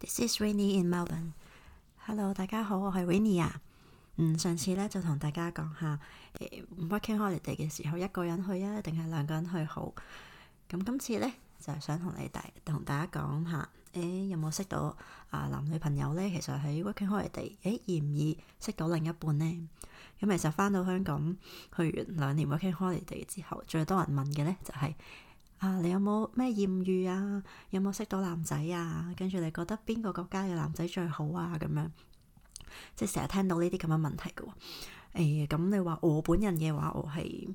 This is Winnie in Melbourne. Hello，大家好，我係 Winnie 啊。嗯，上次咧就同大家講下、欸、，working holiday 嘅時候一個人去啊，定係兩個人去好？咁今次咧就係、想同你第同大家講下，誒、欸，有冇識到啊男女朋友咧？其實喺 working holiday，誒、欸，易唔易識到另一半咧。咁其實翻到香港，去完兩年 working holiday 之後，最多人問嘅咧就係、是。啊！你有冇咩艷遇啊？有冇識到男仔啊？跟住你覺得邊個國家嘅男仔最好啊？咁樣即係成日聽到呢啲咁嘅問題㗎喎。咁、欸、你話我本人嘅話，我係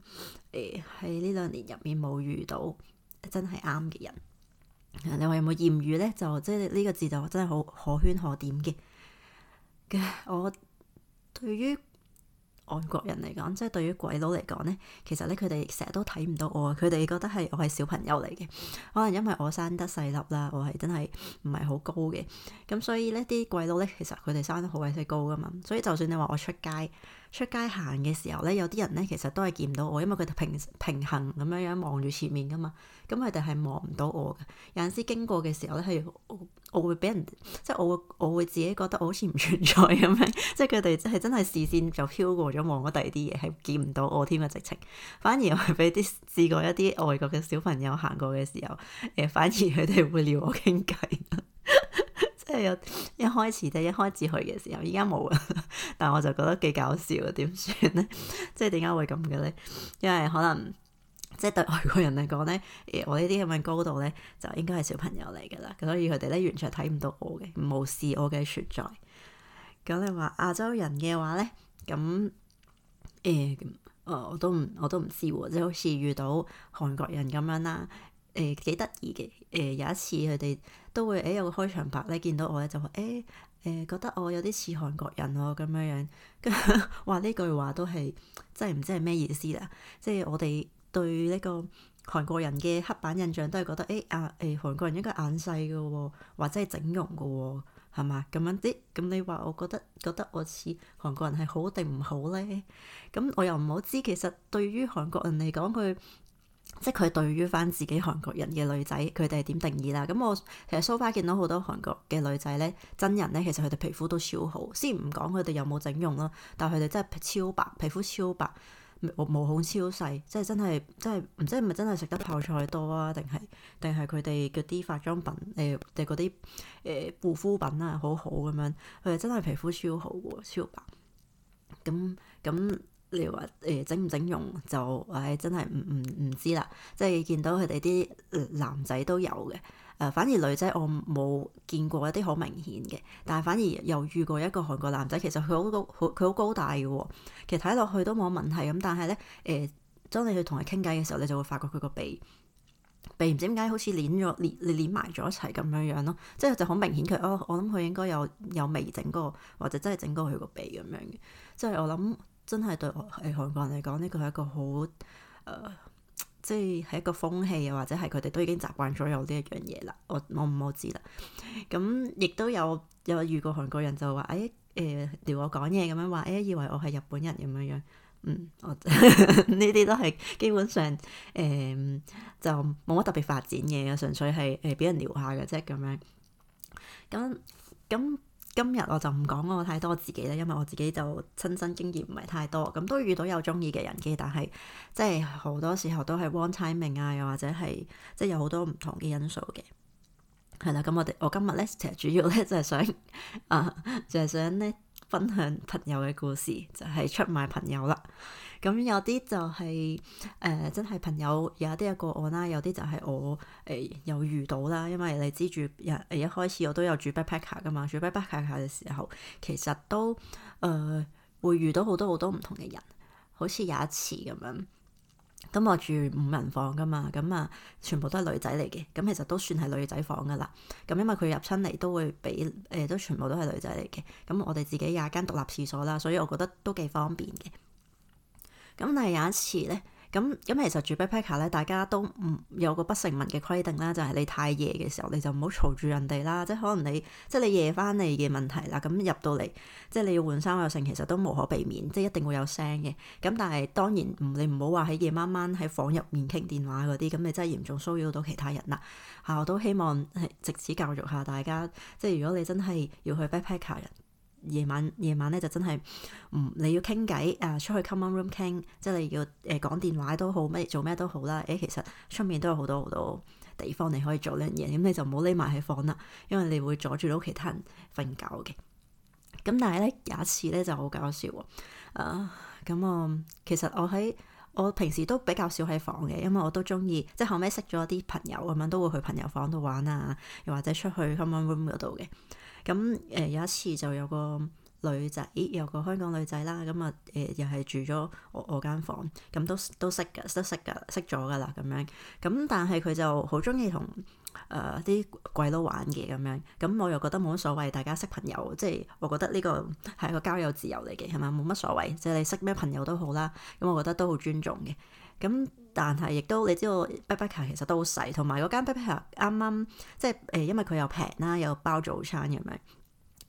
誒喺呢兩年入面冇遇到真係啱嘅人。你話有冇艷遇咧？就即係呢個字就真係好可圈可點嘅。我對於外國人嚟講，即係對於鬼佬嚟講咧，其實咧佢哋成日都睇唔到我，佢哋覺得係我係小朋友嚟嘅，可能因為我生得細粒啦，我係真係唔係好高嘅，咁所以咧啲鬼佬咧，其實佢哋生得好鬼死高㗎嘛，所以就算你話我出街。出街行嘅時候咧，有啲人咧其實都係見唔到我，因為佢哋平平行咁樣樣望住前面噶嘛，咁佢哋係望唔到我嘅。有陣時經過嘅時候咧，係我，我會俾人即係我會我會自己覺得我好似唔存在咁樣， 即係佢哋係真係視線就飄過咗望咗第二啲嘢，係見唔到我添嘅直情。反而我係俾啲試過一啲外國嘅小朋友行過嘅時候，誒、呃、反而佢哋會撩我傾偈。 即係有一開始，即係一開始去嘅時候，依家冇啦。但係我就覺得幾搞笑啊！點算咧？ 即係點解會咁嘅咧？因為可能即係對外國人嚟講咧，而我呢啲咁嘅高度咧，就應該係小朋友嚟㗎啦。咁所以佢哋咧完全睇唔到我嘅，無視我嘅存在。咁你話亞洲人嘅話咧，咁誒，誒、欸、我都唔我都唔知喎。即係好似遇到韓國人咁樣啦。誒，幾得意嘅。誒，有一次佢哋都會誒有個開場白咧，見到我咧，就話誒，誒覺得我有啲似韓國人咯、哦、咁樣樣。跟住話呢句話都係真係唔知係咩意思啦。即係我哋對呢個韓國人嘅刻板印象都係覺得誒啊誒韓國人應該眼細㗎喎，或者係整容㗎喎、哦，係嘛？咁樣啲，咁你話我覺得覺得我似韓國人係好定唔好咧？咁我又唔好知其實對於韓國人嚟講佢。即係佢對於翻自己韓國人嘅女仔，佢哋係點定義啦？咁我其實 so far 見到好多韓國嘅女仔咧，真人咧，其實佢哋皮膚都超好。先唔講佢哋有冇整容啦，但佢哋真係超白，皮膚超白，毛孔超細，即係真係真係唔知係咪真係食得泡菜多啊？定係定係佢哋嗰啲化妝品誒定嗰啲誒護膚品啊，好好咁樣，佢哋真係皮膚超好喎，超白。咁咁。你話誒、欸、整唔整容就誒、哎、真係唔唔唔知啦，即係見到佢哋啲男仔都有嘅誒、呃，反而女仔我冇見過一啲好明顯嘅，但係反而又遇過一個韓國男仔，其實佢好高好佢好高大嘅喎，其實睇落去都冇問題咁，但係咧誒，當你去同佢傾偈嘅時候，你就會發覺佢個鼻鼻唔知點解好似攣咗攣你攣埋咗一齊咁樣樣咯，即係就好明顯佢哦。我諗佢應該有有微整過，或者真係整過佢個鼻咁樣嘅，即係我諗。真係對韓、哎、韓國人嚟講，呢個係一個好誒、呃，即係係一個風氣啊，或者係佢哋都已經習慣咗有呢一樣嘢啦。我我唔好知啦。咁亦都有有遇過韓國人就、哎呃、話：誒誒撩我講嘢咁樣話，誒、哎、以為我係日本人咁樣樣。嗯，我呢啲 都係基本上誒、呃、就冇乜特別發展嘅，純粹係誒俾人撩下嘅啫咁樣。咁咁。今日我就唔講我太多自己啦，因為我自己就親身經驗唔係太多，咁都遇到有中意嘅人嘅，但係即係好多時候都係 timing 啊，又或者係即係有好多唔同嘅因素嘅。係啦，咁我哋我今日咧，其實主要咧就係想，啊，就係想咧分享朋友嘅故事，就係出賣朋友啦。咁有啲就係誒，真係朋友，有一啲嘅個案啦，有啲就係我誒又遇到啦。因為你知住，誒一開始我都有住 backpacker 噶嘛，住 backpacker 嘅時候，其實都誒會遇到好多好多唔同嘅人，好似有一次咁樣。咁我住五人房噶嘛，咁啊全部都係女仔嚟嘅，咁其實都算係女仔房噶啦。咁因為佢入侵嚟都會俾誒，都、呃、全部都係女仔嚟嘅。咁我哋自己有一間獨立廁所啦，所以我覺得都幾方便嘅。咁但係有一次咧。咁咁其實住 backpacker 咧，大家都唔有個不成文嘅規定啦，就係、是、你太夜嘅時候，你就唔好嘈住人哋啦。即係可能你即係你夜翻嚟嘅問題啦。咁入到嚟即係你要換衫又成，其實都無可避免，即係一定會有聲嘅。咁但係當然唔你唔好話喺夜晚晚喺房入面傾電話嗰啲，咁你真係嚴重騷擾到其他人啦嚇、啊。我都希望係藉此教育下大家，即係如果你真係要去 backpacker 人。夜晚夜晚咧就真係唔、呃、你要傾偈啊，出去 common room 傾，即係你要誒講、呃、電話都好，乜做咩都好啦。誒、欸，其實出面都有好多好多地方你可以做呢樣嘢，咁、嗯、你就唔好匿埋喺房啦，因為你會阻住到其他人瞓覺嘅。咁、嗯、但係咧有一次咧就好搞笑喎啊！咁、啊、我、嗯、其實我喺我平時都比較少喺房嘅，因為我都中意即係後尾識咗啲朋友咁樣，都會去朋友房度玩啊，又或者出去 common room 嗰度嘅。咁誒、呃、有一次就有個女仔，有個香港女仔啦，咁啊誒又係住咗我我間房，咁都都識噶，都識噶，識咗噶啦咁樣。咁但係佢就好中意同誒啲鬼佬玩嘅咁樣。咁我又覺得冇乜所謂，大家識朋友，即係我覺得呢個係一個交友自由嚟嘅，係咪啊？冇乜所謂，即係你識咩朋友都好啦。咁我覺得都好尊重嘅。咁，但係亦都你知道 backpacker 其實都好細，同埋嗰間 backpacker 啱啱即係誒，因為佢又平啦，又包早餐咁樣。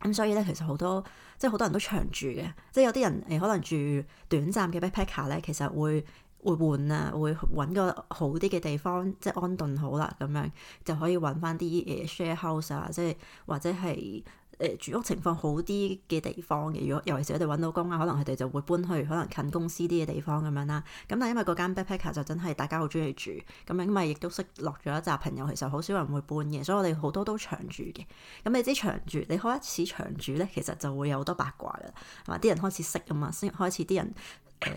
咁所以咧，其實好多即係好多人都長住嘅，即係有啲人誒可能住短暫嘅 backpacker 咧，其實會會換啊，會揾個好啲嘅地方，即係安頓好啦咁樣，就可以揾翻啲誒 share house 啊，即係或者係。誒住屋情況好啲嘅地方嘅，如果尤其是我哋揾到工啊，可能佢哋就會搬去可能近公司啲嘅地方咁樣啦。咁但係因為嗰間 backpacker 就真係大家好鍾意住，咁咁咪亦都識落咗一紮朋友，其實好少人會搬嘅，所以我哋好多都長住嘅。咁你知長住，你開始長住咧，其實就會有好多八卦㗎啦，係嘛？啲人開始識啊嘛，先開始啲人。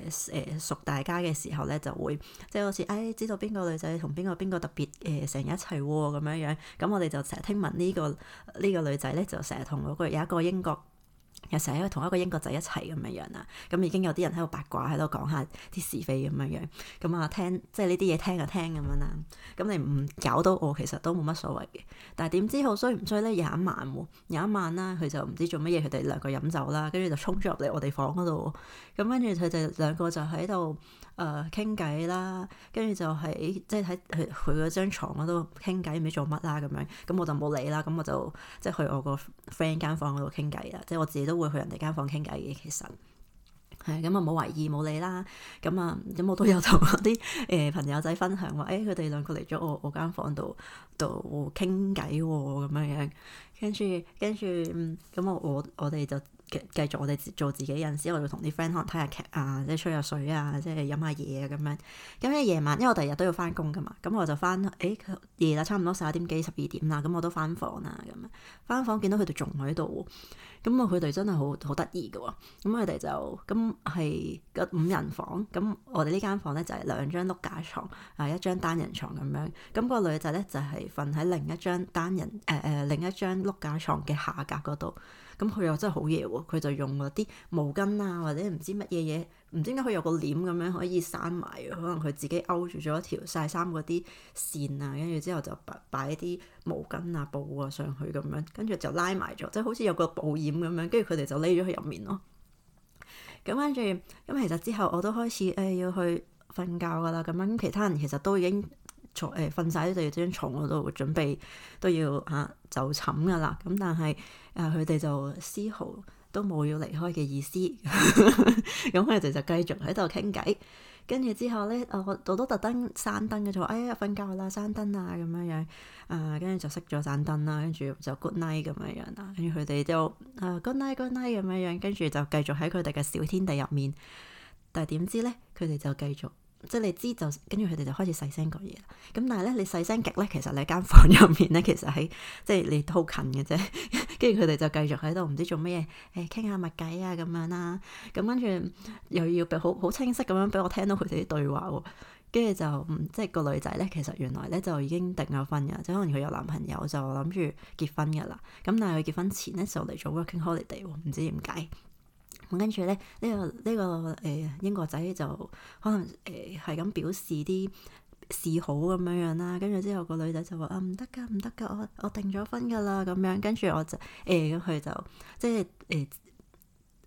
誒誒、呃、熟大家嘅時候咧，哎呃啊這個這個，就會即係好似誒知道邊個女仔同邊個邊個特別誒成日一齊喎咁樣樣，咁我哋就成日聽聞呢個呢個女仔咧就成日同嗰個有一個英國。又成日喺度同一個英國仔一齊咁樣樣啦，咁已經有啲人喺度八卦喺度講下啲是非咁樣樣，咁啊聽即係呢啲嘢聽就聽咁樣啦。咁你唔搞到我其實都冇乜所謂嘅。但係點知好衰唔衰咧？有一晚，有一晚啦，佢就唔知做乜嘢，佢哋兩個飲酒啦，跟住就衝咗入嚟我哋房嗰度。咁跟住佢哋兩個就喺度誒傾偈啦，跟、呃、住就喺即係喺佢佢嗰張牀嗰度傾偈，唔知做乜啦咁樣。咁我就冇理啦，咁我就即係去我個 friend 間房嗰度傾偈啦，即係我自己都。都會去人哋間房傾偈嘅，其實係咁啊，冇、嗯、懷疑冇理啦。咁、嗯、啊，咁我都有同啲誒朋友仔分享話，誒，佢哋兩個嚟咗我我間房度度傾偈咁樣樣。跟住跟住，咁我我我哋就繼繼續我哋做自己陣時，我要同啲 friend 可能睇下劇啊，即係吹下水啊，即係飲下嘢啊，咁樣。咁咧夜晚，因為我第日都要翻工噶嘛，咁、嗯、我就翻誒夜啦，差唔多十一點幾、十二點啦，咁、嗯、我都翻房啦，咁翻房見到佢哋仲喺度。咁我佢哋真係好好得意嘅喎，咁佢哋就咁係個五人房，咁我哋呢間房咧就係兩張碌架床，係一張單人床咁樣，咁、個女仔咧就係瞓喺另一張單人誒誒、呃、另一張碌架床嘅下格嗰度。咁佢又真係好嘢喎，佢就用嗰啲毛巾啊，或者唔知乜嘢嘢，唔知點解佢有個簾咁樣可以閂埋，可能佢自己勾住咗一條晒衫嗰啲線啊，跟住之後就擺擺啲毛巾啊布啊上去咁樣，跟住就拉埋咗，即係好似有個布簾咁樣。跟住佢哋就匿咗喺入面咯。咁跟住咁，其實之後我都開始誒、哎、要去瞓覺噶啦。咁樣咁，其他人其實都已經。誒，瞓晒咗就張床嗰度準備都要吓、啊呃、就寢噶啦，咁但係誒佢哋就絲毫都冇要離開嘅意思，咁佢哋就繼續喺度傾偈，跟住之後咧，我我都特登閂燈嘅，就話哎呀瞓覺啦，閂燈啊咁樣樣，誒跟住就熄咗盞燈啦，跟住就 good night 咁樣樣啦，跟住佢哋就誒、啊、good night good night 咁樣樣，跟住就繼續喺佢哋嘅小天地入面，但係點知咧佢哋就繼續。即係你知就，跟住佢哋就開始細聲講嘢啦。咁但係咧，你細聲極咧，其實你喺間房入面咧，其實喺即係你都好近嘅啫。跟住佢哋就繼續喺度唔知做咩嘢，誒傾下密計啊咁樣啦。咁跟住又要俾好好清晰咁樣俾我聽到佢哋啲對話喎。跟住就即係個女仔咧，其實原來咧就已經定咗婚噶，即係可能佢有男朋友就諗住結婚噶啦。咁但係佢結婚前咧就嚟咗 working holiday，唔知點解。咁跟住咧，呢、這個呢、這個誒、呃、英國仔就可能誒係咁表示啲示好咁樣樣啦。跟住之後個女仔就話啊，唔得噶，唔得噶，我我定咗婚噶啦咁樣。跟住我就誒，咁、呃、佢就即係誒。呃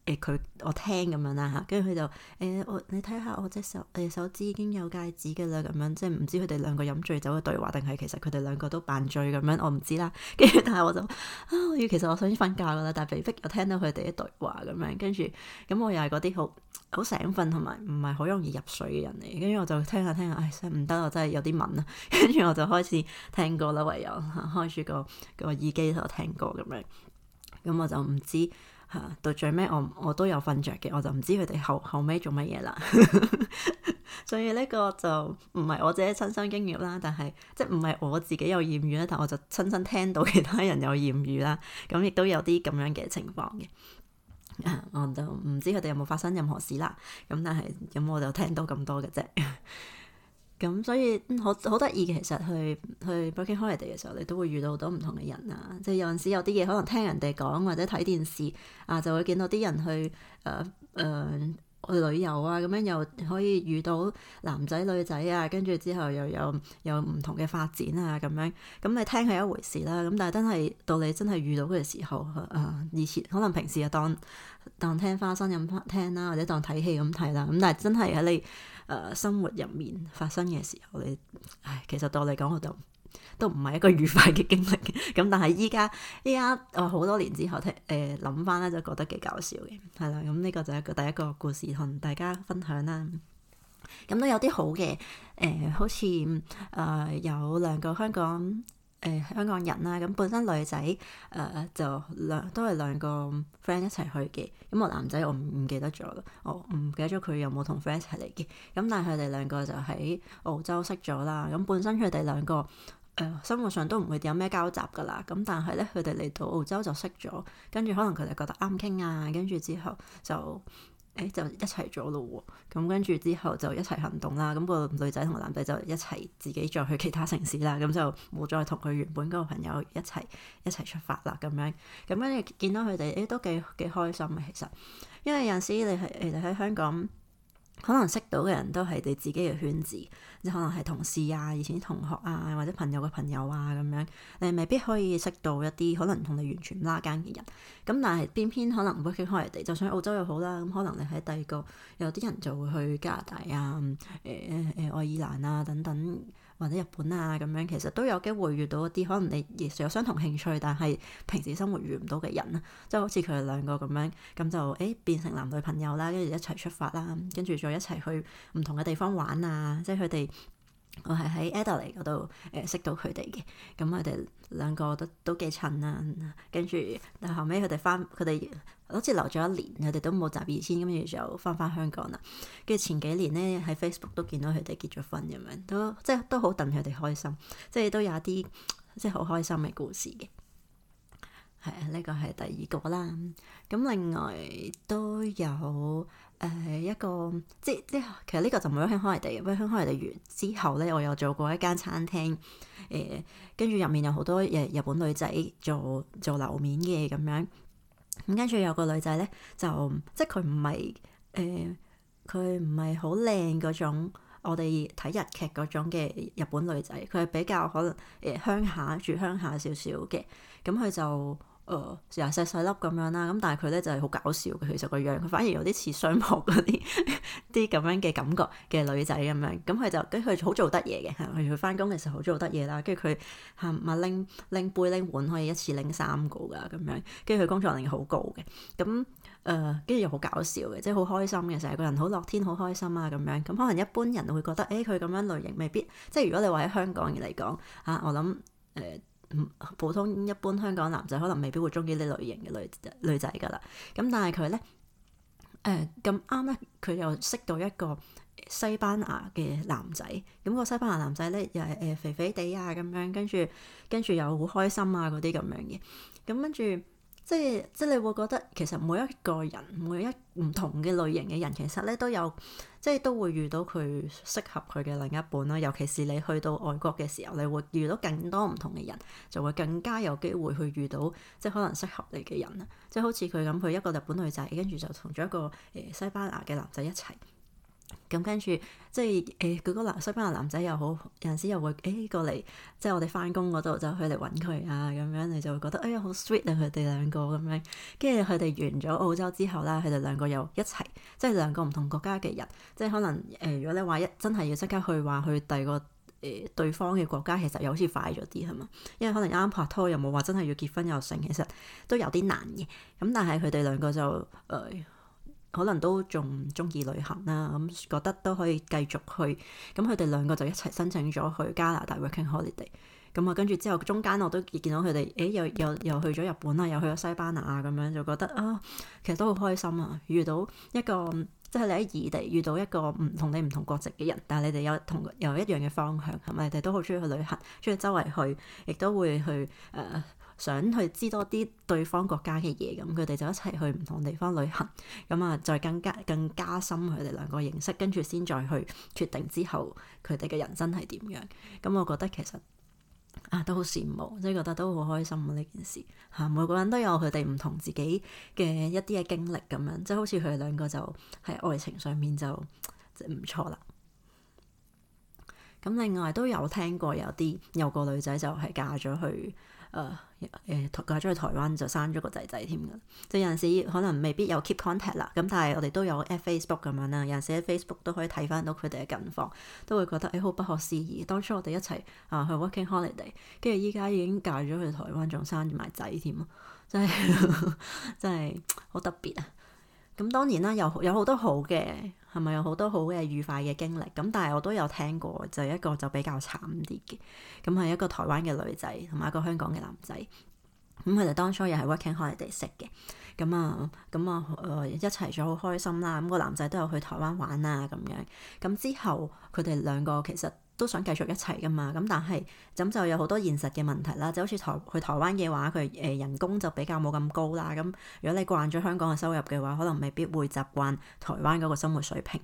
誒佢、欸、我聽咁樣啦嚇，跟住佢就誒、欸、我你睇下我隻手誒手指已經有戒指㗎啦，咁樣即係唔知佢哋兩個飲醉酒嘅對話，定係其實佢哋兩個都扮醉咁樣，我唔知啦。跟住但係我就啊，其實我想瞓覺噶啦，但係被迫又聽到佢哋一對話咁樣。跟住咁我又係嗰啲好好醒瞓同埋唔係好容易入睡嘅人嚟，跟住我就聽下聽下，唉、哎，唔得我真係有啲敏啊。跟住我就開始聽歌啦，唯有開住個個耳機就聽歌咁樣。咁我就唔知。吓，到最尾我我都有瞓着嘅，我就唔知佢哋後後尾做乜嘢啦。 所以呢個就唔係我自己親身經驗啦，但係即係唔係我自己有艷遇啦，但係我就親身聽到其他人有艷遇啦，咁亦都有啲咁樣嘅情況嘅。 我就唔知佢哋有冇發生任何事啦。咁但係咁我就聽到咁多嘅啫。 咁、嗯、所以好好得意，嘅、嗯。其實去去 Working Holiday 嘅時候，你都會遇到好多唔同嘅人啊！即係有陣時有啲嘢可能聽人哋講或者睇電視啊，就會見到啲人去誒誒、呃呃、去旅遊啊，咁樣又可以遇到男仔女仔啊，跟住之後又有有唔同嘅發展啊，咁樣咁、嗯、你聽係一回事啦，咁、啊、但係真係到你真係遇到嘅時候啊，以前可能平時啊當當聽花生咁聽啦，或者當睇戲咁睇啦，咁、啊、但係真係喺你，誒、呃、生活入面發生嘅時候，你，唉，其實對我嚟講，我就都唔係一個愉快嘅經歷嘅。咁但係依家依家哦，呃，好多年之後，聽誒諗翻咧，就覺得幾搞笑嘅，係啦。咁呢個就係一個第一個故事同大家分享啦。咁都有啲好嘅，誒、呃，好似誒、呃、有兩個香港。誒、哎、香港人啦，咁本身女仔誒、呃、就兩都係兩個 friend 一齊去嘅，咁個男仔我唔記得咗啦，我唔記得咗佢有冇同 friend 一齊嚟嘅，咁但係佢哋兩個就喺澳洲識咗啦，咁本身佢哋兩個誒、呃、生活上都唔會有咩交集噶啦，咁但係咧佢哋嚟到澳洲就識咗，跟住可能佢哋覺得啱傾啊，跟住之後就。誒就一齊咗咯喎，咁跟住之後就一齊行動啦，咁個女仔同男仔就一齊自己再去其他城市啦，咁就冇再同佢原本嗰個朋友一齊一齊出發啦，咁樣，咁跟住見到佢哋誒都幾幾開心嘅其實，因為有時你係你哋喺香港。可能識到嘅人都係你自己嘅圈子，即可能係同事啊、以前啲同學啊，或者朋友嘅朋友啊咁樣，你未必可以識到一啲可能同你完全唔拉更嘅人。咁但係偏偏可能 working holiday，就算喺澳洲又好啦，咁可能你喺第二個有啲人就會去加拿大啊、誒誒誒愛爾蘭啊等等。或者日本啊咁樣，其實都有機會遇到一啲可能你亦有相同興趣，但係平時生活遇唔到嘅人啦，即係好似佢哋兩個咁樣，咁就誒、欸、變成男女朋友啦，跟住一齊出發啦，跟住再一齊去唔同嘅地方玩啊！即係佢哋我係喺 Adelaide 嗰度誒識到佢哋嘅，咁佢哋兩個都都幾襯啊。跟住但後尾佢哋返佢哋。好似留咗一年，佢哋都冇集二千，跟住就翻翻香港啦。跟住前幾年咧，喺 Facebook 都見到佢哋結咗婚咁樣，都即係都好戥佢哋開心，即係都有啲即係好開心嘅故事嘅。係啊，呢、這個係第二個啦。咁另外都有誒、呃、一個，即即係其實呢個就唔係香港人哋，因為香港人哋完之後咧，我有做過一間餐廳誒，跟住入面有好多日日本女仔做做樓面嘅咁樣。咁跟住有個女仔咧，就即佢唔係誒，佢唔係好靚嗰種，我哋睇日劇嗰種嘅日本女仔，佢係比較可能誒、呃、鄉下住鄉下少少嘅，咁佢就。成日細細粒咁樣啦，咁但係佢咧就係好搞笑嘅。其實個樣，佢反而有啲似雙殼嗰啲啲咁樣嘅感覺嘅女仔咁樣。咁佢就佢好做得嘢嘅。佢翻工嘅時候好做得嘢啦。跟住佢嚇咪拎拎杯拎碗，可以一次拎三個㗎咁樣。跟住佢工作能力好高嘅。咁誒，跟、呃、住又好搞笑嘅，即係好開心嘅，成個人好樂天，好開心啊咁樣。咁可能一般人會覺得，誒佢咁樣類型未必。即係如果你話喺香港嚟講，嚇、啊、我諗誒。呃唔普通，一般香港男仔可能未必會中意呢類型嘅女女仔噶啦，咁但係佢咧，誒咁啱咧，佢又識到一個西班牙嘅男仔，咁個西班牙男仔咧又係誒肥肥地啊咁樣，跟住跟住又好開心啊嗰啲咁樣嘅，咁跟住。即係即係，你會覺得其實每一個人，每一唔同嘅類型嘅人，其實咧都有即係都會遇到佢適合佢嘅另一半啦。尤其是你去到外國嘅時候，你會遇到更多唔同嘅人，就會更加有機會去遇到即係可能適合你嘅人啊！即係好似佢咁，佢一個日本女仔，跟住就同咗一個誒、呃、西班牙嘅男仔一齊。咁跟住，即係誒，佢嗰個西班牙男仔又好，有陣時又會誒、哎、過嚟，即係我哋翻工嗰度就去嚟揾佢啊咁樣，你就會覺得哎呀，好 sweet 啊，佢哋兩個咁樣。跟住佢哋完咗澳洲之後啦，佢哋兩個又一齊，即係兩個唔同國家嘅人，即係可能誒、呃，如果你話一真係要即刻去話去第二個誒、呃、對方嘅國家，其實又好似快咗啲係嘛？因為可能啱啱拍拖又冇話真係要結婚又成，其實都有啲難嘅。咁但係佢哋兩個就誒。呃可能都仲唔中意旅行啦，咁覺得都可以繼續去，咁佢哋兩個就一齊申請咗去加拿大 working holiday。咁啊，跟住之後中間我都見到佢哋，誒又又又去咗日本啦，又去咗西班牙啊，咁樣就覺得啊、哦，其實都好開心啊！遇到一個即係、就是、你喺異地遇到一個唔同你唔同國籍嘅人，但係你哋有同又一樣嘅方向，係咪？你哋都好中意去旅行，中意周圍去，亦都會去啊。呃想去知多啲對方國家嘅嘢，咁佢哋就一齊去唔同地方旅行，咁啊，再更加更加深佢哋兩個認識，跟住先再去決定之後佢哋嘅人生係點樣。咁我覺得其實啊，都好羨慕，即係覺得都好開心呢、啊、件事嚇、啊。每個人都有佢哋唔同自己嘅一啲嘅經歷咁樣，即係好似佢哋兩個就喺愛情上面就唔錯啦。咁另外都有聽過有啲有個女仔就係嫁咗去。誒誒，嫁咗去台灣就生咗個仔仔添㗎，即有陣時可能未必有 keep contact 啦，咁但係我哋都有 at Facebook 咁樣啦，有陣時喺 Facebook 都可以睇翻到佢哋嘅近況，都會覺得誒好不可思議。當初我哋一齊啊去 working holiday，跟住依家已經嫁咗去台灣仲生埋仔添啊，真係真係好特別啊！咁當然啦，有有好多好嘅，係咪有好多好嘅愉快嘅經歷？咁但係我都有聽過，就一個就比較慘啲嘅，咁係一個台灣嘅女仔同埋一個香港嘅男仔，咁佢哋當初又係 working holiday 識嘅，咁啊咁啊誒一齊咗好開心啦，咁個男仔都有去台灣玩啊咁樣，咁之後佢哋兩個其實，都想繼續一齊㗎嘛？咁但係咁就有好多現實嘅問題啦。就好似台去台灣嘅話，佢誒人工就比較冇咁高啦。咁如果你慣咗香港嘅收入嘅話，可能未必會習慣台灣嗰個生活水平。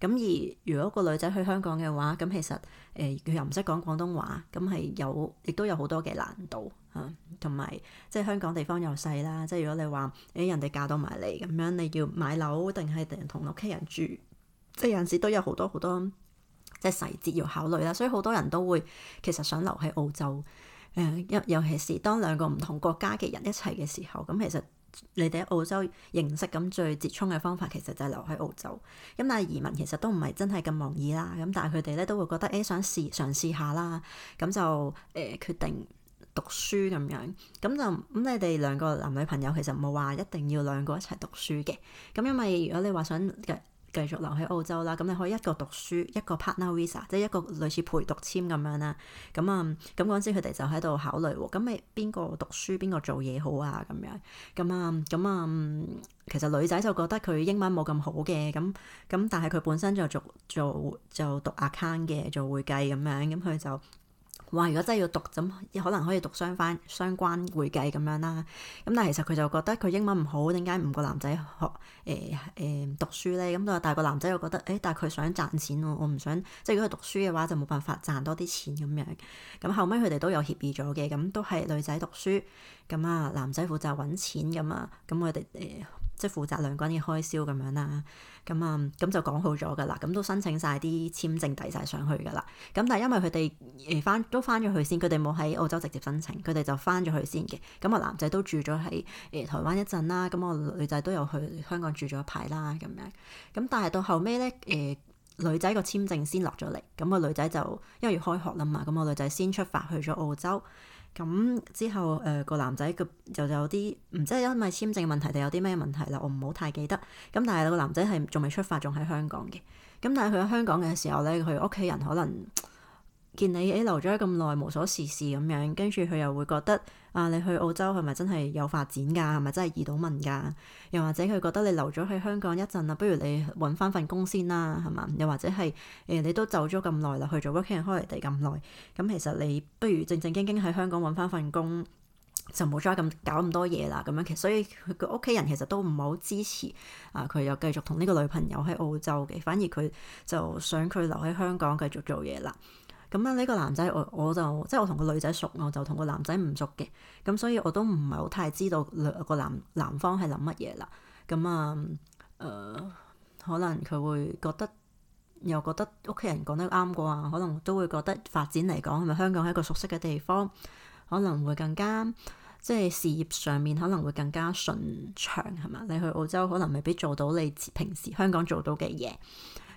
咁而如果個女仔去香港嘅話，咁其實誒佢、呃、又唔識講廣東話，咁係有亦都有好多嘅難度啊。同埋即係香港地方又細啦。即係如果你話誒、哎、人哋嫁到埋嚟咁樣，你要買樓定係同屋企人住，即係有陣時都有好多好多。即係細節要考慮啦，所以好多人都會其實想留喺澳洲誒，一、呃、尤其是當兩個唔同國家嘅人一齊嘅時候，咁其實你哋喺澳洲認識咁，最折衷嘅方法，其實就係留喺澳洲。咁但係移民其實都唔係真係咁容易啦。咁但係佢哋咧都會覺得誒想試嘗試下啦，咁就誒決定讀書咁樣。咁就咁你哋兩個男女朋友其實冇話一定要兩個一齊讀書嘅。咁因為如果你話想嘅。繼續留喺澳洲啦，咁你可以一個讀書，一個 partner visa，即係一個類似陪讀簽咁樣啦。咁啊，咁嗰陣時佢哋就喺度考慮，咁咪邊個讀書，邊個做嘢好啊？咁樣，咁啊，咁啊，其實女仔就覺得佢英文冇咁好嘅，咁咁但係佢本身就做做就讀 account 嘅，做會計咁樣，咁佢就。話如果真係要讀，咁可能可以讀相關相關會計咁樣啦。咁但係其實佢就覺得佢英文唔好，點解唔個男仔學誒誒、欸欸、讀書咧？咁但係個男仔又覺得誒、欸，但係佢想賺錢喎、哦，我唔想即係如果佢讀書嘅話就冇辦法賺多啲錢咁樣。咁後尾佢哋都有協議咗嘅，咁都係女仔讀書，咁啊男仔負責揾錢咁啊。咁我哋誒。欸即係負責兩個人嘅開銷咁樣啦，咁啊咁就講好咗噶啦，咁都申請晒啲簽證遞晒上去噶啦，咁但係因為佢哋誒翻都翻咗去先，佢哋冇喺澳洲直接申請，佢哋就翻咗去先嘅，咁啊男仔都住咗喺誒台灣一陣啦，咁我女仔都有去香港住咗一排啦，咁樣，咁但係到後尾咧誒女仔個簽證先落咗嚟，咁個女仔就因為要開學啦嘛，咁個女仔先出發去咗澳洲。咁之後，誒、呃個男仔佢就有啲唔知係因為簽證問題定有啲咩問題啦，我唔好太記得。咁但係個男仔係仲未出發，仲喺香港嘅。咁但係佢喺香港嘅時候咧，佢屋企人可能，見你喺留咗咁耐，無所事事咁樣，跟住佢又會覺得啊，你去澳洲係咪真係有發展㗎？係咪真係移到民㗎？又或者佢覺得你留咗喺香港一陣啦，不如你揾翻份工先啦，係嘛？又或者係誒、欸，你都走咗咁耐啦，去做 working holiday 咁耐，咁其實你不如正正經經喺香港揾翻份工，就唔好再咁搞咁多嘢啦。咁樣其實所以佢個屋企人其實都唔係好支持啊，佢又繼續同呢個女朋友喺澳洲嘅，反而佢就想佢留喺香港繼續做嘢啦。咁咧呢個男仔我我就即係我同個女仔熟，我就同個男仔唔熟嘅，咁所以我都唔係好太知道兩個男男方係諗乜嘢啦。咁、嗯、啊，誒、呃、可能佢會覺得又覺得屋企人講得啱啩，可能都會覺得發展嚟講，係咪香港係一個熟悉嘅地方，可能會更加即係事業上面可能會更加順暢係咪？你去澳洲可能未必做到你平時香港做到嘅嘢。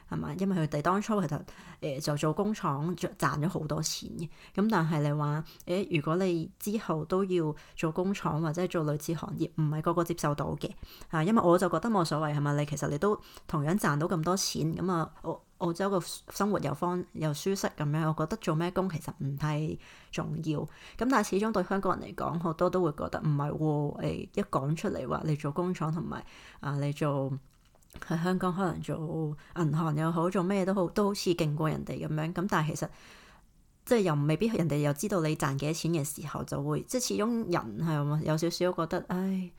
係嘛？因為佢哋當初其實誒、欸、就做工廠賺咗好多錢嘅。咁但係你話誒、欸，如果你之後都要做工廠或者做類似行業，唔係個個接受到嘅。啊，因為我就覺得冇所謂係嘛，你其實你都同樣賺到咁多錢，咁啊澳澳洲個生活又方又舒適咁樣，我覺得做咩工其實唔太重要。咁但係始終對香港人嚟講，好多都會覺得唔係喎。誒、哦欸、一講出嚟話你做工廠同埋啊你做。喺香港可能做銀行又好，做咩都好，都好似勁過人哋咁樣。咁但係其實即係又未必，人哋又知道你賺幾多錢嘅時候，就會即係始終人係嘛，有少少覺得唉，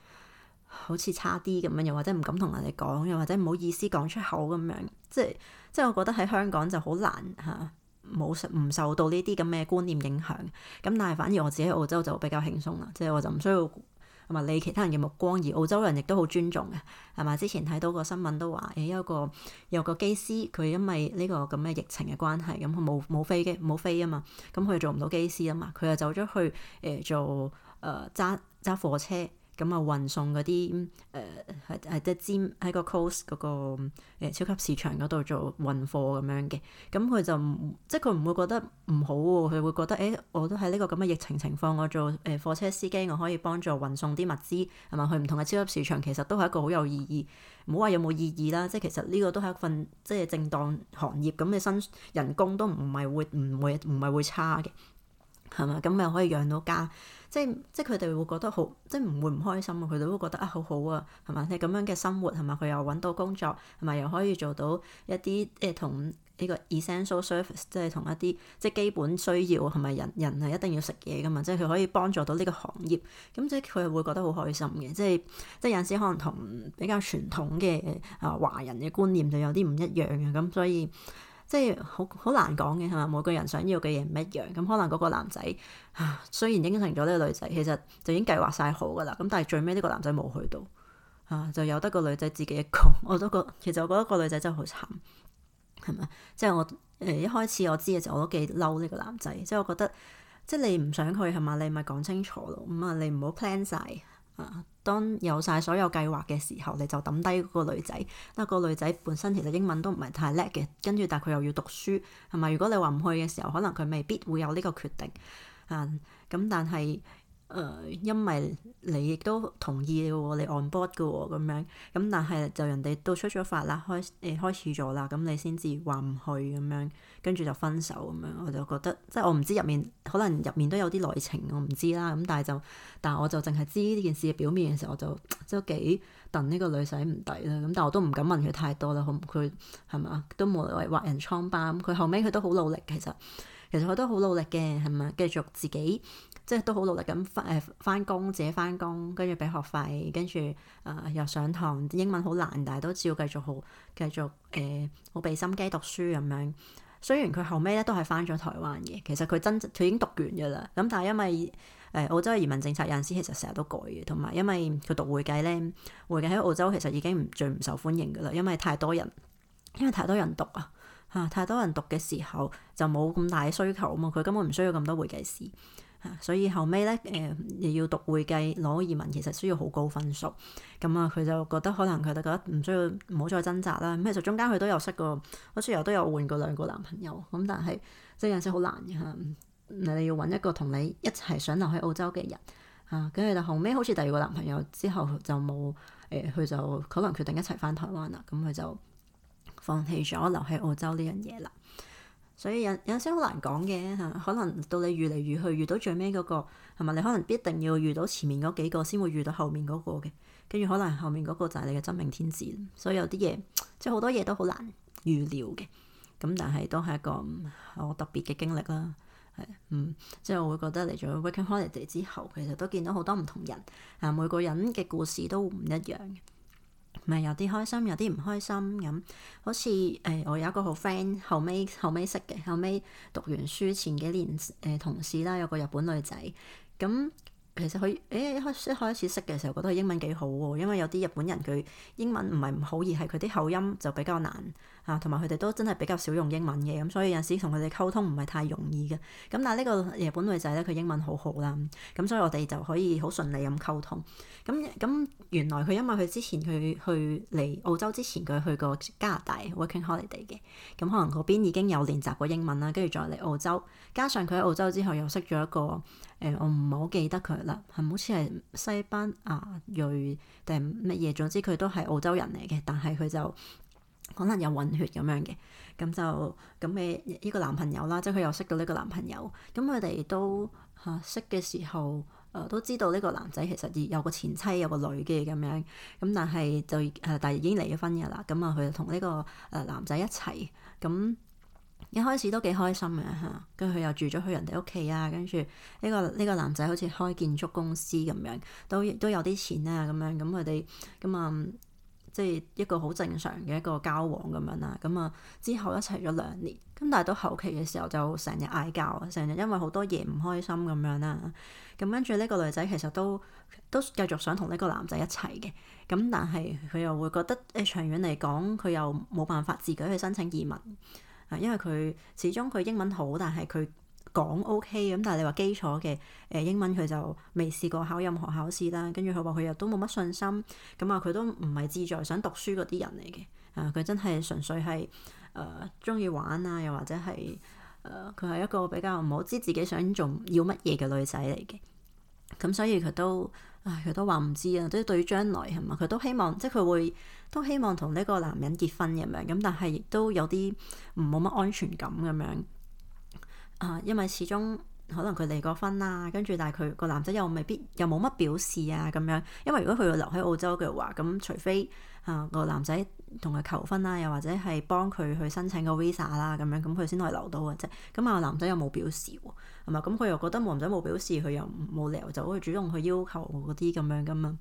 好似差啲咁樣，又或者唔敢同人哋講，又或者唔好意思講出口咁樣。即係即係我覺得喺香港就好難吓，冇、啊、受唔受到呢啲咁嘅觀念影響。咁但係反而我自己喺澳洲就比較輕鬆啦，即係我就唔需要。同埋理其他人嘅目光，而澳洲人亦都好尊重嘅，係嘛？之前睇到個新聞都話，誒、欸、有一個有一個機師，佢因為呢個咁嘅疫情嘅關係，咁佢冇冇飛機冇飛啊嘛，咁佢做唔到機師啊嘛，佢就走咗去誒做誒揸揸貨車。咁啊，運送嗰啲誒係係即係佔喺個 coast 嗰個誒超級市場嗰度做運貨咁樣嘅，咁佢就即係佢唔會覺得唔好喎，佢會覺得誒、欸，我都喺呢個咁嘅疫情情況，我做誒貨車司機，我可以幫助運送啲物資，同埋去唔同嘅超級市場，其實都係一個好有意義，唔好話有冇意義啦，即係其實呢個都係一份即係正當行業，咁你薪人工都唔係會唔會唔係會、會差嘅，係嘛？咁咪可以養到家。即係即係佢哋會覺得好，即係唔會唔開心啊！佢哋都覺得啊，好好啊，係嘛？你咁樣嘅生活係嘛？佢又揾到工作，係咪？又可以做到一啲即同呢個 essential service，即係同一啲即係基本需要係咪？人人係一定要食嘢噶嘛？即係佢可以幫助到呢個行業，咁即係佢係會覺得好開心嘅。即係即係有時可能同比較傳統嘅啊華人嘅觀念就有啲唔一樣嘅，咁所以。即係好好難講嘅係嘛，每個人想要嘅嘢唔一樣，咁可能嗰個男仔啊，雖然應承咗呢個女仔，其實就已經計劃晒好噶啦，咁但係最尾呢個男仔冇去到啊，就由得個女仔自己一個，我都覺，其實我覺得個女仔真係好慘，係咪？即係我誒一開始我知嘅時候，我都幾嬲呢個男仔，即係我覺得即係你唔想去係嘛，你咪講清楚咯，咁啊你唔好 plan 晒啊。當有晒所有計劃嘅時候，你就抌低嗰個女仔。嗱、那，個女仔本身其實英文都唔係太叻嘅，跟住但佢又要讀書，係咪？如果你話唔去嘅時候，可能佢未必會有呢個決定啊。咁、嗯、但係，誒、呃，因為你亦都同意你 on board 嘅喎，咁樣咁，但係就人哋都出咗發啦，開誒、呃、開始咗啦，咁你先至話唔去咁樣。跟住就分手咁樣，我就覺得即係我唔知入面，可能入面都有啲內情，我唔知啦。咁但係就但係我就淨係知呢件事嘅表面嘅時候，我就即係幾戥呢個女仔唔抵啦。咁但我都唔敢問佢太多啦。佢係咪？都無謂劃人瘡疤。佢後尾，佢都好努力，其實其實佢都好努力嘅，係咪？繼續自己即係都好努力咁誒返工，自己返工，跟住俾學費，跟住誒又上堂，英文好難，但係都照繼續好繼續誒好俾心機讀書咁樣。雖然佢後尾咧都係返咗台灣嘅，其實佢真佢已經讀完㗎喇。咁但係因為誒澳洲嘅移民政策有陣時其實成日都改嘅，同埋因為佢讀會計咧，會計喺澳洲其實已經唔最唔受歡迎㗎喇，因為太多人，因為太多人讀啊，嚇太多人讀嘅時候就冇咁大嘅需求啊嘛，佢根本唔需要咁多會計師。所以後尾咧，誒、呃、又要讀會計攞移民，其實需要好高分數。咁啊，佢就覺得可能佢就覺得唔需要，唔好再掙扎啦。咁其實中間佢都有識過，好似又都有換過兩個男朋友。咁但係即係有陣時好難嘅嚇，你你要搵一個同你一齊想留喺澳洲嘅人啊。跟住就後尾好似第二個男朋友之後就冇誒，佢、呃、就可能決定一齊返台灣啦。咁佢就放棄咗留喺澳洲呢樣嘢啦。所以有有陣時好難講嘅嚇，可能到你遇嚟遇去，遇到最尾嗰個係咪？你可能必定要遇到前面嗰幾個先會遇到後面嗰個嘅，跟住可能後面嗰個就係你嘅真命天子。所以有啲嘢即係好多嘢都好難預料嘅。咁但係都係一個好特別嘅經歷啦。係嗯，即係我會覺得嚟咗 Working Holiday 之後，其實都見到好多唔同人。啊，每個人嘅故事都唔一樣。唔係有啲開心，有啲唔開心咁。好似誒、欸，我有一個好 friend，後尾後尾識嘅，後尾讀完書前幾年誒、呃、同事啦，有個日本女仔。咁其實佢誒一開一開始識嘅時候，覺得佢英文幾好喎，因為有啲日本人佢英文唔係唔好，而係佢啲口音就比較難。啊，同埋佢哋都真係比較少用英文嘅，咁所以有時同佢哋溝通唔係太容易嘅。咁但係呢個日本女仔咧，佢英文好好啦，咁所以我哋就可以好順利咁溝通。咁咁原來佢因為佢之前佢去嚟澳洲之前，佢去過加拿大 working holiday 嘅，咁可能嗰邊已經有練習過英文啦，跟住再嚟澳洲，加上佢喺澳洲之後又識咗一個誒、呃，我唔係好記得佢啦，係好似係西班牙裔定乜嘢？總之佢都係澳洲人嚟嘅，但係佢就，可能有混血咁樣嘅，咁就咁嘅呢個男朋友啦，即係佢又識到呢個男朋友，咁佢哋都嚇、啊、識嘅時候，誒、啊、都知道呢個男仔其實有個前妻有個女嘅咁樣，咁、啊、但係就誒、啊、但係已經離咗婚噶啦，咁啊佢就同呢個誒男仔一齊，咁一開始都幾開心嘅嚇，跟、啊、佢又住咗去人哋屋企啊，跟住呢個呢、呢個男仔好似開建築公司咁樣、啊，都都有啲錢啊咁樣，咁佢哋咁啊。啊即係一個好正常嘅一個交往咁樣啦，咁啊之後一齊咗兩年，咁但係到後期嘅時候就成日嗌交，成日因為好多嘢唔開心咁樣啦。咁跟住呢個女仔其實都都繼續想同呢個男仔一齊嘅，咁但係佢又會覺得誒長遠嚟講佢又冇辦法自己去申請移民，啊因為佢始終佢英文好，但係佢講 O K 咁，但係你話基礎嘅誒英文，佢就未試過考任何考試啦。跟住佢話佢又都冇乜信心，咁啊佢都唔係志在想讀書嗰啲人嚟嘅。啊，佢真係純粹係誒鍾意玩啊，又或者係誒佢係一個比較唔好知自己想做要乜嘢嘅女仔嚟嘅。咁所以佢都唉，佢都話唔知啊。即係對於將來係嘛？佢都希望即係佢會都希望同呢個男人結婚咁樣，咁但係亦都有啲唔冇乜安全感咁樣。啊，因為始終可能佢離過婚啦，跟住但係佢個男仔又未必又冇乜表示啊咁樣。因為如果佢要留喺澳洲嘅話，咁除非啊個、呃、男仔同佢求婚啦，又或者係幫佢去申請個 Visa 啦咁樣，咁佢先可以留到嘅啫。咁啊男仔又冇表示喎、啊，係嘛？咁佢又覺得冇男仔冇表示，佢又冇理由走去主動去要求嗰啲咁樣噶嘛。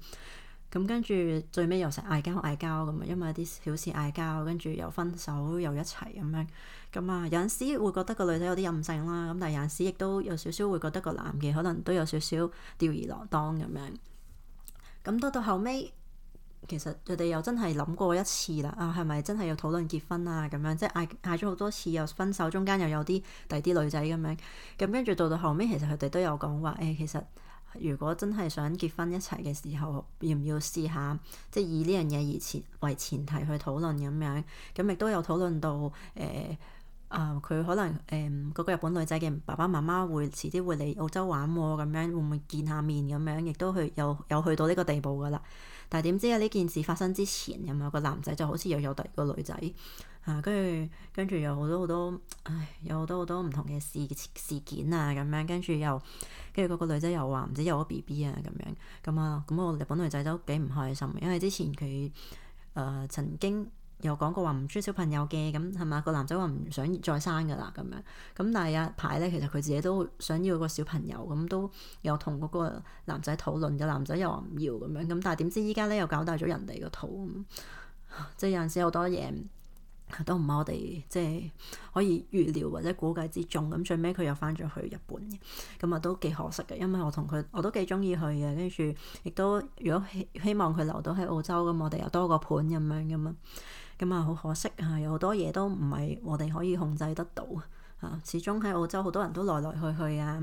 咁跟住最尾又成嗌交嗌交咁樣，因為一啲小事嗌交，跟住又分手又一齊咁樣。咁啊有陣時會覺得個女仔有啲任性啦，咁但係有陣時亦都有少少會覺得個男嘅可能都有少少吊兒郎當咁樣。咁到到後尾，其實佢哋又真係諗過一次啦。啊，係咪真係要討論結婚啊？咁樣即係嗌嗌咗好多次又分手，中間又有啲第啲女仔咁樣。咁跟住到到後尾，其實佢哋都有講話誒，其實。如果真係想結婚一齊嘅時候，要唔要試下即以呢樣嘢而前為前提去討論咁樣咁，亦都有討論到誒啊！佢、呃呃、可能誒嗰、呃嗰個日本女仔嘅爸爸媽媽會遲啲會嚟澳洲玩喎咁樣，會唔會見下面咁樣，亦都去有有去到呢個地步噶啦。但係點知喺呢件事發生之前咁樣，有個男仔就好似又有第二個女仔。啊！跟住，跟住有好多好多，唉，有好多好多唔同嘅事事件啊，咁樣跟住又跟住嗰個女仔又話唔知有咗 B B 啊，咁樣咁啊，咁個日本女仔都幾唔開心，因為之前佢誒、呃、曾經有講過話唔鍾意小朋友嘅，咁係嘛，個男仔話唔想再生噶啦，咁樣咁。但係有一排咧，其實佢自己都想要個小朋友，咁都有同嗰個男仔討論，個男仔又話唔要咁樣咁，但係點知依家咧又搞大咗人哋個肚，即係有陣時好多嘢。都唔係我哋即係可以預料或者估計之中咁，最尾佢又翻咗去日本嘅，咁啊都幾可惜嘅。因為我同佢我都幾中意佢嘅，跟住亦都如果希希望佢留到喺澳洲咁，我哋又多個伴咁樣咁啊，咁啊好可惜啊！有好多嘢都唔係我哋可以控制得到啊。始終喺澳洲好多人都來來去去啊，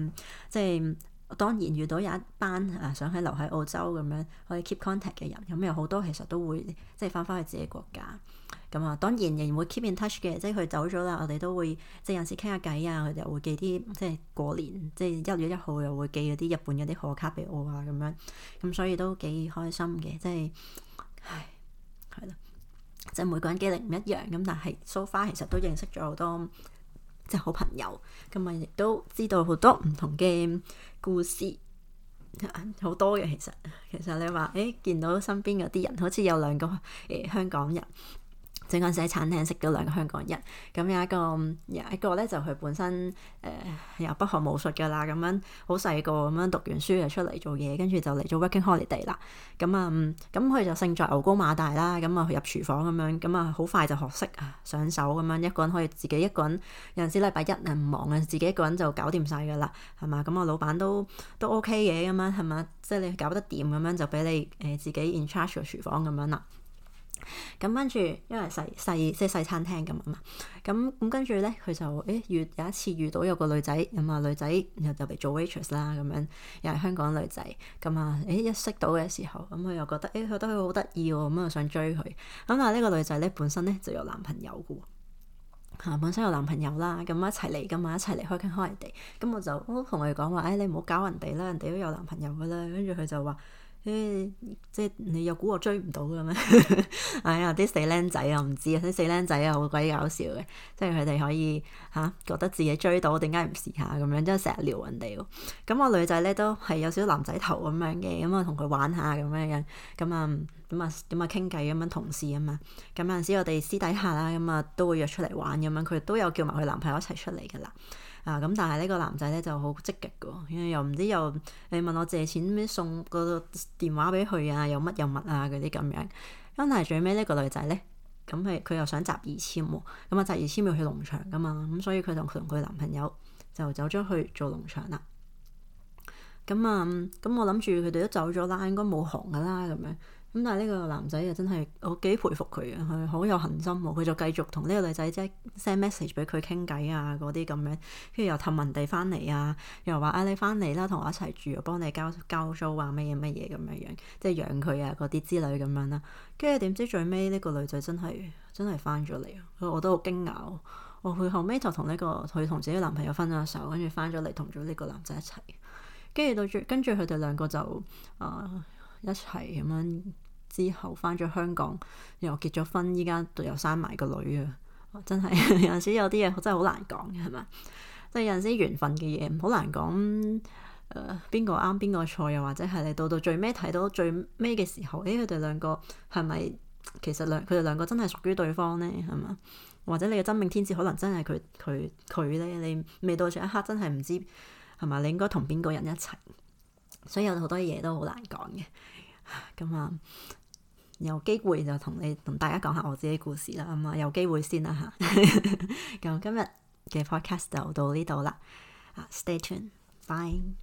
即係當然遇到有一班啊想喺留喺澳洲咁樣可以 keep contact 嘅人，咁又好多其實都會即係翻返去自己國家。咁啊，當然仍然會 keep in touch 嘅，即係佢走咗啦。我哋都會即係有時傾下偈啊。佢就會寄啲即係過年，即係一月一號又會寄嗰啲日本嗰啲賀卡俾我啊，咁樣咁，所以都幾開心嘅。即係，唉，係啦，即係每個人經歷唔一樣咁，但係 so far 其實都認識咗好多即係好朋友咁啊，亦都知道好多唔同嘅故事好多嘅。其實其實你話，誒、欸、見到身邊嗰啲人，好似有兩個誒、欸、香港人。正講喺餐廳識咗兩個香港人，咁有一個有一個咧就佢本身誒、呃、有不學武術嘅啦，咁樣好細個咁樣，讀完書出就出嚟做嘢，跟住就嚟咗 working holiday 啦。咁啊咁佢就勝在牛高馬大啦，咁啊入廚房咁樣，咁啊好快就學識啊、上手咁樣，一個人可以自己一個人，有陣時禮拜一啊唔忙啊，自己一個人就搞掂晒㗎啦，係嘛？咁啊老闆都都 OK 嘅咁樣係嘛？即係，就是，你搞得掂咁樣就俾你誒、呃、自己 in charge 個廚房咁樣啦。咁跟住，因為細細即係細餐廳咁啊嘛，咁咁跟住咧，佢就誒遇有一次遇到有個女仔，咁啊女仔又又嚟做 waitress 啦，咁樣又係香港女仔，咁啊誒一識到嘅時候，咁佢又覺得誒覺得佢好得意喎，咁啊想追佢，咁但係呢個女仔咧本身咧就有男朋友噶喎，吓本身有男朋友啦，咁一齊嚟噶嘛，一齊嚟開開開人哋，咁我就我同佢講話，誒、哎、你唔好搞人哋啦，人哋都有男朋友噶啦，跟住佢就話。誒，即係你又估我追唔到嘅咩？哎呀，啲死僆仔啊，唔知啊，啲死僆仔啊，好鬼搞笑嘅，即係佢哋可以吓覺得自己追到，點解唔試下咁樣？即係成日撩人哋。咁我女仔咧都係有少少男仔頭咁樣嘅，咁啊同佢玩下咁樣樣，咁啊咁啊咁啊傾偈咁樣，同事啊嘛。咁有陣時我哋私底下啦，咁啊都會約出嚟玩咁樣，佢都有叫埋佢男朋友一齊出嚟噶啦。啊，咁但係呢個男仔咧就好積極喎，因為又唔知又你問我借錢，咩送個電話俾佢啊，又乜又乜啊嗰啲咁樣。咁但係最尾呢個女仔咧，咁係佢又想集二簽喎，咁啊集二簽要去農場噶嘛，咁所以佢同佢同佢男朋友就走咗去做農場啦。咁啊，咁我諗住佢哋都走咗啦，應該冇行噶啦咁樣。咁但係呢個男仔又真係我幾佩服佢啊！佢好有恒心喎，佢就繼續同呢個女仔即係 send message 俾佢傾偈啊，嗰啲咁樣，跟住又氹人哋翻嚟啊，又話啊你翻嚟啦，同我一齊住，啊，幫你交交租啊，乜嘢乜嘢咁樣樣，即係養佢啊嗰啲之類咁樣啦。跟住點知最尾呢個女仔真係真係翻咗嚟啊！我都好驚訝。我佢後尾就同呢個佢同自己男朋友分咗手，跟住翻咗嚟同咗呢個男仔一齊。跟住到最跟住佢哋兩個就啊、呃、一齊咁樣。之後返咗香港，又結咗婚，依家又生埋個女啊！真係 有陣時有啲嘢真係好難講嘅，係嘛？即係有陣時緣分嘅嘢，好難講。誒、呃，邊個啱邊個錯，又或者係你到到最尾睇到最尾嘅時候，誒佢哋兩個係咪其實兩佢哋兩個真係屬於對方呢，係嘛？或者你嘅真命天子可能真係佢佢佢咧？你未到上一刻真係唔知係咪，你應該同邊個人一齊？所以有好多嘢都好難講嘅，咁 啊、嗯、～有機會就同你同大家講下我自己故事啦，咁、嗯、啊有機會先啦嚇。咁 今日嘅 podcast 就到呢度啦，啊 stay tuned，bye。